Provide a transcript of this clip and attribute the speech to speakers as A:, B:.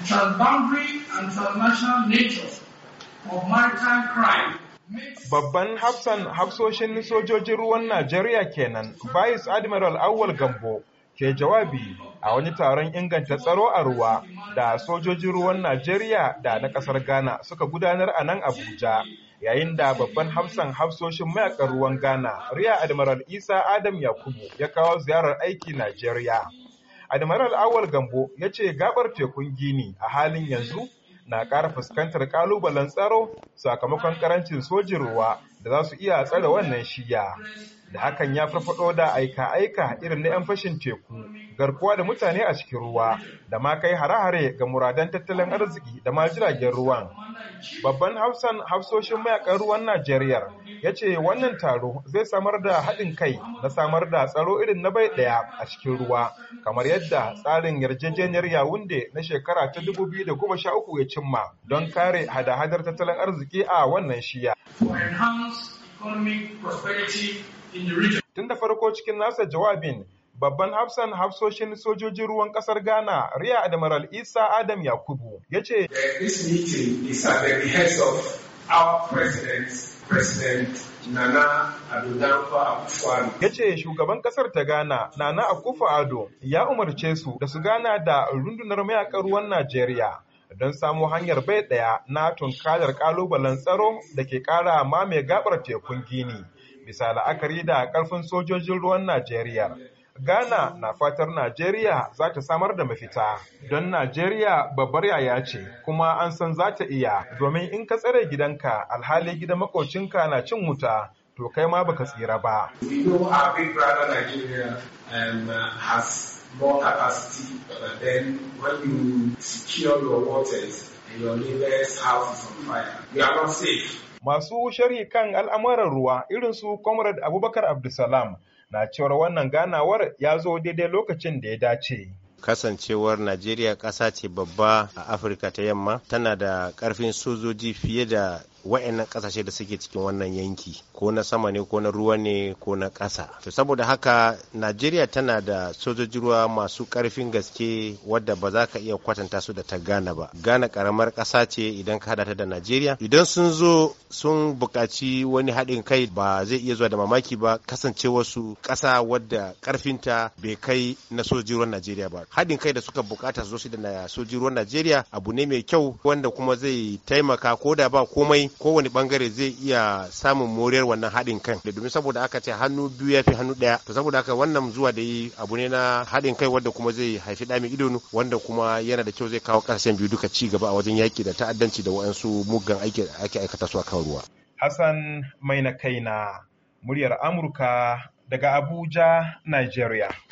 A: the transboundary and transnational nature of maritime crime Babban hafsan hafsoshin sojojin ruwan Najeriya kenan, Vice Admiral Awal Gambo ke jawabi a wani taron inganta tsaro a ruwa da sojojin ruwan Najeriya da na ƙasar Ghana suka gudanar a nan Abuja. Yayin da babban hafsan hafsoshin mayakan ruwan Ghana, Riya Admiral Isa Adam Yakubu ya kawo ziyarar aiki Najeriya. Admiral Awal Gambo ya ce gabar tekun Gini a halin yanzu na ƙara fuskantar ƙalubalen tsaro sakamakon ƙarancin sojin ruwa da za su iya tsare wannan shiya. Da hakan ya farfado da aika-aika irin na 'yan fashin teku, garkuwa da mutane a cikin ruwa, da ma kai hare-hare ga muradan tattalin arziki da ma jiragen ruwan. Babban hausan hafsoshin mayakan ruwan Najeriya ya ce wannan taro zai samar da haɗin kai na samar da tsaro irin na bai ɗaya a cikin ruwa kamar yadda tsarin yarjejeniyar yawunde na shekara ta 2013 ya cimma don kare hada-hadar tattalin arziki a wannan shiya. Tun da farko cikin nasa jawabin babban hafsan hafsoshin sojojin ruwan kasar ghana riya admiral isa adam yakubu ya ce Ya ce shugaban kasar ta Ghana Nana Akufo Ado ya umarce su da su gana da rundunar mayakan ruwan Najeriya don samo hanyar bai ɗaya na tunkalar kalubalen tsaro da ke ƙara mame gabar tekun Gini bisa la'akari da ƙarfin sojojin ruwan Najeriya. Ghana na fatar Najeriya za ta samar da mafita don Najeriya babbar yaya ce kuma an san za ta iya domin in ka tsare gidanka alhali gidan makocinka na cin wuta to kai ma baka tsira ba. Um, more capacity, but then when you secure your waters and your neighbor's house is on fire, you are Masu sharhi kan al'amuran ruwa irin su Comrade Abubakar Abdulsalam na cewar wannan ganawar ya zo daidai lokacin da ya dace.
B: kasancewar najeriya ƙasa ce babba a afirka ta yamma tana da ƙarfin sojoji fiye da wa'annan kasashe da suke cikin wannan yanki ko na sama ne ko na ruwa ne ko na ƙasa to saboda haka najeriya tana da sojoji ruwa masu ƙarfin gaske wadda ba za ka iya kwatanta su da ta gana ba gana karamar ƙasa ce idan ka hada ta da najeriya idan sun zo sun buƙaci wani haɗin kai ba zai iya zuwa da mamaki ba kasance wasu ƙasa wadda ƙarfinta bai kai na sojoji ruwan najeriya ba haɗin kai da suka buƙata su zo su da sojoji ruwan najeriya abu ne mai kyau wanda kuma zai taimaka ko da ba komai kowane bangare zai iya samun moriyar wannan haɗin kai, da domin saboda aka ce hannu biyu ya fi hannu ɗaya to saboda aka wannan zuwa da yi abu ne na haɗin kai wanda kuma zai haifi ɗami idonu wanda kuma yana da kyau zai kawo ƙasashen biyu duka ci gaba a wajen yaƙi da ta'addanci da waɗansu muggan aiki da ake aikata su a kan ruwa.
A: Hassan mai na kai na muryar Amurka daga Abuja, Nigeria.